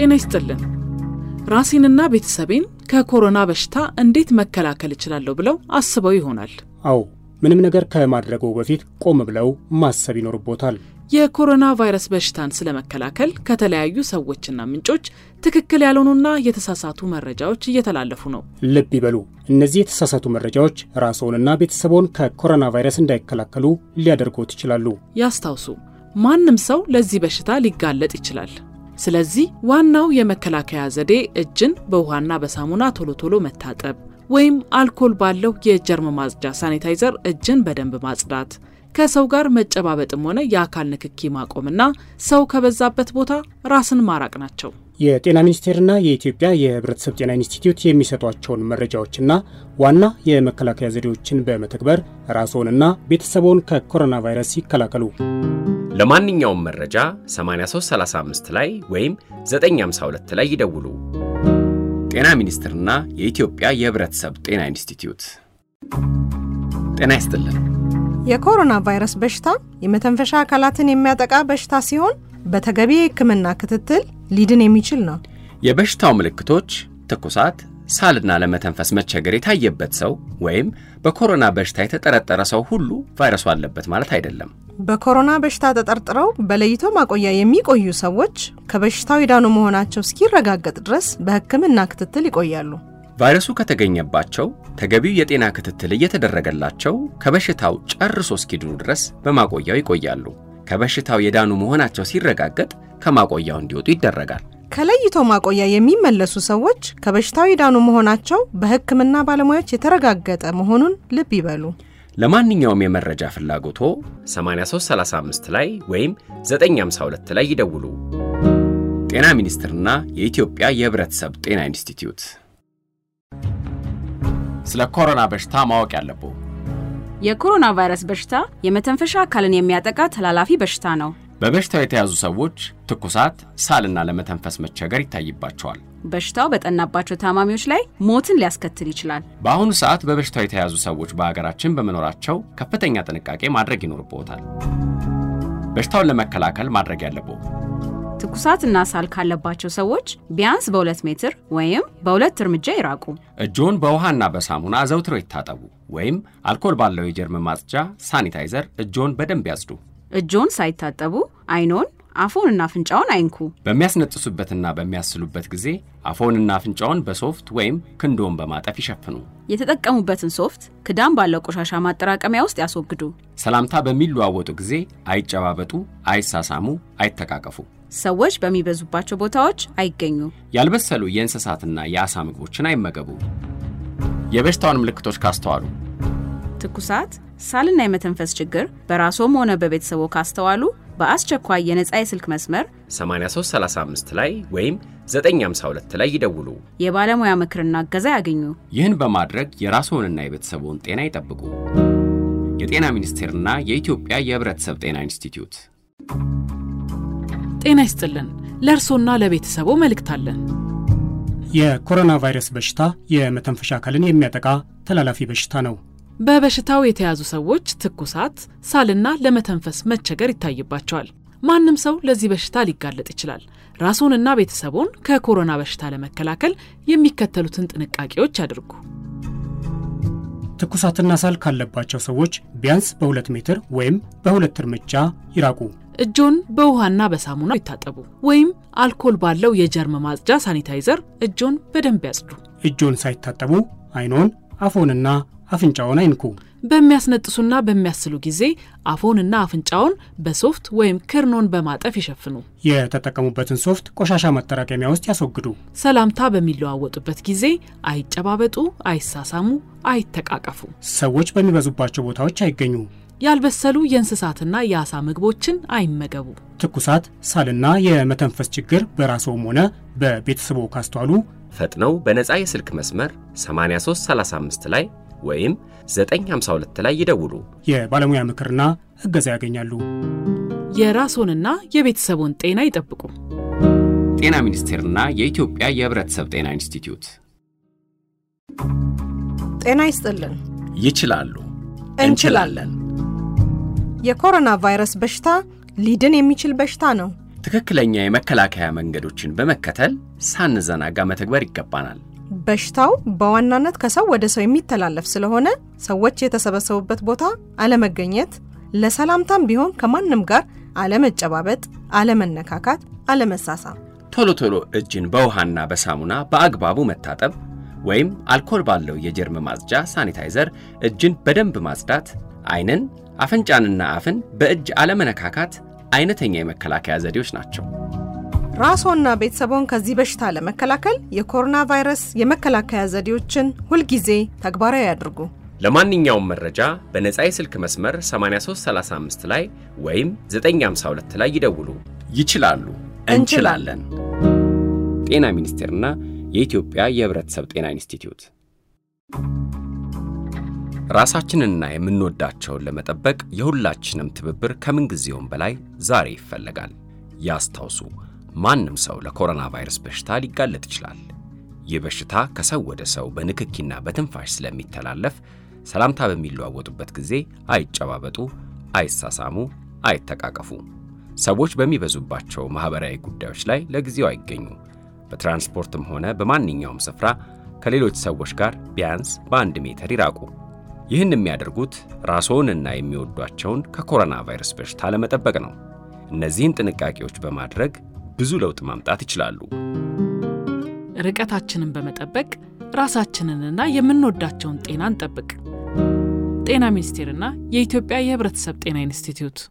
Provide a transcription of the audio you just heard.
ጤና ይስጥልን። ራሴንና ቤተሰቤን ከኮሮና በሽታ እንዴት መከላከል እችላለሁ ብለው አስበው ይሆናል። አዎ፣ ምንም ነገር ከማድረገው በፊት ቆም ብለው ማሰብ ይኖርቦታል። የኮሮና ቫይረስ በሽታን ስለመከላከል ከተለያዩ ሰዎችና ምንጮች ትክክል ያልሆኑና የተሳሳቱ መረጃዎች እየተላለፉ ነው። ልብ ይበሉ፣ እነዚህ የተሳሳቱ መረጃዎች ራስዎንና ቤተሰቦን ከኮሮና ቫይረስ እንዳይከላከሉ ሊያደርጎት ይችላሉ። ያስታውሱ፣ ማንም ሰው ለዚህ በሽታ ሊጋለጥ ይችላል። ስለዚህ ዋናው የመከላከያ ዘዴ እጅን በውሃና በሳሙና ቶሎ ቶሎ መታጠብ ወይም አልኮል ባለው የጀርም ማጽጃ ሳኒታይዘር እጅን በደንብ ማጽዳት፣ ከሰው ጋር መጨባበጥም ሆነ የአካል ንክኪ ማቆምና ሰው ከበዛበት ቦታ ራስን ማራቅ ናቸው። የጤና ሚኒስቴርና የኢትዮጵያ የሕብረተሰብ ጤና ኢንስቲትዩት የሚሰጧቸውን መረጃዎችና ዋና የመከላከያ ዘዴዎችን በመተግበር ራስዎንና ቤተሰቦን ከኮሮና ቫይረስ ይከላከሉ። ለማንኛውም መረጃ 8335 ላይ ወይም 952 ላይ ይደውሉ። ጤና ሚኒስቴርና የኢትዮጵያ የሕብረተሰብ ጤና ኢንስቲትዩት። ጤና ይስጥልን። የኮሮና ቫይረስ በሽታ የመተንፈሻ አካላትን የሚያጠቃ በሽታ ሲሆን በተገቢ የሕክምና ክትትል ሊድን የሚችል ነው። የበሽታው ምልክቶች ትኩሳት፣ ሳልና ለመተንፈስ መቸገር የታየበት ሰው ወይም በኮሮና በሽታ የተጠረጠረ ሰው ሁሉ ቫይረሱ አለበት ማለት አይደለም። በኮሮና በሽታ ተጠርጥረው በለይቶ ማቆያ የሚቆዩ ሰዎች ከበሽታው የዳኑ መሆናቸው እስኪረጋገጥ ድረስ በሕክምና ክትትል ይቆያሉ። ቫይረሱ ከተገኘባቸው ተገቢው የጤና ክትትል እየተደረገላቸው ከበሽታው ጨርሶ እስኪድኑ ድረስ በማቆያው ይቆያሉ። ከበሽታው የዳኑ መሆናቸው ሲረጋገጥ ከማቆያው እንዲወጡ ይደረጋል። ከለይቶ ማቆያ የሚመለሱ ሰዎች ከበሽታው የዳኑ መሆናቸው በሕክምና ባለሙያዎች የተረጋገጠ መሆኑን ልብ ይበሉ። ለማንኛውም የመረጃ ፍላጎቶ 8335 ላይ ወይም 952 ላይ ይደውሉ። ጤና ሚኒስቴርና የኢትዮጵያ የሕብረተሰብ ጤና ኢንስቲትዩት። ስለ ኮሮና በሽታ ማወቅ ያለብዎ። የኮሮና ቫይረስ በሽታ የመተንፈሻ አካልን የሚያጠቃ ተላላፊ በሽታ ነው። በበሽታው የተያዙ ሰዎች ትኩሳት፣ ሳልና ለመተንፈስ መቸገር ይታይባቸዋል። በሽታው በጠናባቸው ታማሚዎች ላይ ሞትን ሊያስከትል ይችላል። በአሁኑ ሰዓት በበሽታው የተያዙ ሰዎች በሀገራችን በመኖራቸው ከፍተኛ ጥንቃቄ ማድረግ ይኖርብዎታል። በሽታውን ለመከላከል ማድረግ ያለብዎ ትኩሳትና ሳል ካለባቸው ሰዎች ቢያንስ በሁለት ሜትር ወይም በሁለት እርምጃ ይራቁ። እጆን በውሃና በሳሙና ዘውትረው ይታጠቡ፣ ወይም አልኮል ባለው የጀርም ማጽጃ ሳኒታይዘር እጆን በደንብ ያጽዱ። እጆን ሳይታጠቡ አይኖን አፎንና አፍንጫውን አይንኩ። በሚያስነጥሱበትና በሚያስሉበት ጊዜ አፎንና አፍንጫውን በሶፍት ወይም ክንዶን በማጠፍ ይሸፍኑ። የተጠቀሙበትን ሶፍት ክዳን ባለው ቆሻሻ ማጠራቀሚያ ውስጥ ያስወግዱ። ሰላምታ በሚለዋወጡ ጊዜ አይጨባበጡ፣ አይሳሳሙ፣ አይተቃቀፉ። ሰዎች በሚበዙባቸው ቦታዎች አይገኙ። ያልበሰሉ የእንስሳትና የአሳ ምግቦችን አይመገቡ። የበሽታውን ምልክቶች ካስተዋሉ ትኩሳት ሳልና የመተንፈስ ችግር በራስዎም ሆነ በቤተሰቦ ካስተዋሉ በአስቸኳይ የነፃ የስልክ መስመር 8335 ላይ ወይም 952 ላይ ይደውሉ። የባለሙያ ምክርና እገዛ ያገኙ። ይህን በማድረግ የራስዎንና የቤተሰቦን ጤና ይጠብቁ። የጤና ሚኒስቴርና የኢትዮጵያ የሕብረተሰብ ጤና ኢንስቲትዩት። ጤና ይስጥልን። ለእርሶና ለቤተሰቦ መልእክት አለን። የኮሮና ቫይረስ በሽታ የመተንፈሻ አካልን የሚያጠቃ ተላላፊ በሽታ ነው። በበሽታው የተያዙ ሰዎች ትኩሳት፣ ሳልና ለመተንፈስ መቸገር ይታይባቸዋል። ማንም ሰው ለዚህ በሽታ ሊጋለጥ ይችላል። ራስዎንና ቤተሰቦን ከኮሮና በሽታ ለመከላከል የሚከተሉትን ጥንቃቄዎች አድርጉ። ትኩሳትና ሳል ካለባቸው ሰዎች ቢያንስ በሁለት ሜትር ወይም በሁለት እርምጃ ይራቁ። እጆን በውሃና በሳሙና ይታጠቡ፣ ወይም አልኮል ባለው የጀርም ማጽጃ ሳኒታይዘር እጆን በደንብ ያጽዱ። እጆን ሳይታጠቡ አይኖን፣ አፎንና አፍንጫውን አይንኩ። በሚያስነጥሱና በሚያስሉ ጊዜ አፎንና አፍንጫውን በሶፍት ወይም ክርኖን በማጠፍ ይሸፍኑ። የተጠቀሙበትን ሶፍት ቆሻሻ ማጠራቀሚያ ውስጥ ያስወግዱ። ሰላምታ በሚለዋወጡበት ጊዜ አይጨባበጡ፣ አይሳሳሙ፣ አይተቃቀፉ። ሰዎች በሚበዙባቸው ቦታዎች አይገኙ። ያልበሰሉ የእንስሳትና የአሳ ምግቦችን አይመገቡ። ትኩሳት፣ ሳልና የመተንፈስ ችግር በራስዎም ሆነ በቤተሰቦ ካስተዋሉ ፈጥነው በነፃ የስልክ መስመር 8335 ላይ ወይም 952 ላይ ይደውሉ። የባለሙያ ምክርና እገዛ ያገኛሉ። የራስዎንና የቤተሰቦን ጤና ይጠብቁ። ጤና ሚኒስቴርና የኢትዮጵያ የሕብረተሰብ ጤና ኢንስቲትዩት። ጤና ይስጥልን። ይችላሉ፣ እንችላለን። የኮሮና ቫይረስ በሽታ ሊድን የሚችል በሽታ ነው። ትክክለኛ የመከላከያ መንገዶችን በመከተል ሳንዘናጋ መተግበር ይገባናል። በሽታው በዋናነት ከሰው ወደ ሰው የሚተላለፍ ስለሆነ ሰዎች የተሰበሰቡበት ቦታ አለመገኘት፣ ለሰላምታም ቢሆን ከማንም ጋር አለመጨባበጥ፣ አለመነካካት፣ አለመሳሳም፣ ቶሎ ቶሎ እጅን በውሃና በሳሙና በአግባቡ መታጠብ ወይም አልኮል ባለው የጀርም ማጽጃ ሳኒታይዘር እጅን በደንብ ማጽዳት፣ አይንን አፍንጫንና አፍን በእጅ አለመነካካት አይነተኛ የመከላከያ ዘዴዎች ናቸው። ራስዎና ቤተሰቦን ከዚህ በሽታ ለመከላከል የኮሮና ቫይረስ የመከላከያ ዘዴዎችን ሁልጊዜ ተግባራዊ ያድርጉ። ለማንኛውም መረጃ በነፃ የስልክ መስመር 8335 ላይ ወይም 952 ላይ ይደውሉ። ይችላሉ፣ እንችላለን። ጤና ሚኒስቴርና የኢትዮጵያ የሕብረተሰብ ጤና ኢንስቲትዩት ራሳችንንና የምንወዳቸውን ለመጠበቅ የሁላችንም ትብብር ከምንጊዜውም በላይ ዛሬ ይፈለጋል። ያስታውሱ ማንም ሰው ለኮሮና ቫይረስ በሽታ ሊጋለጥ ይችላል። ይህ በሽታ ከሰው ወደ ሰው በንክኪና በትንፋሽ ስለሚተላለፍ ሰላምታ በሚለዋወጡበት ጊዜ አይጨባበጡ፣ አይሳሳሙ፣ አይተቃቀፉ። ሰዎች በሚበዙባቸው ማኅበራዊ ጉዳዮች ላይ ለጊዜው አይገኙ። በትራንስፖርትም ሆነ በማንኛውም ስፍራ ከሌሎች ሰዎች ጋር ቢያንስ በአንድ ሜትር ይራቁ። ይህን የሚያደርጉት ራስዎንና የሚወዷቸውን ከኮሮና ቫይረስ በሽታ ለመጠበቅ ነው። እነዚህን ጥንቃቄዎች በማድረግ ብዙ ለውጥ ማምጣት ይችላሉ። ርቀታችንን በመጠበቅ ራሳችንንና የምንወዳቸውን ጤና እንጠብቅ። ጤና ሚኒስቴርና የኢትዮጵያ የሕብረተሰብ ጤና ኢንስቲትዩት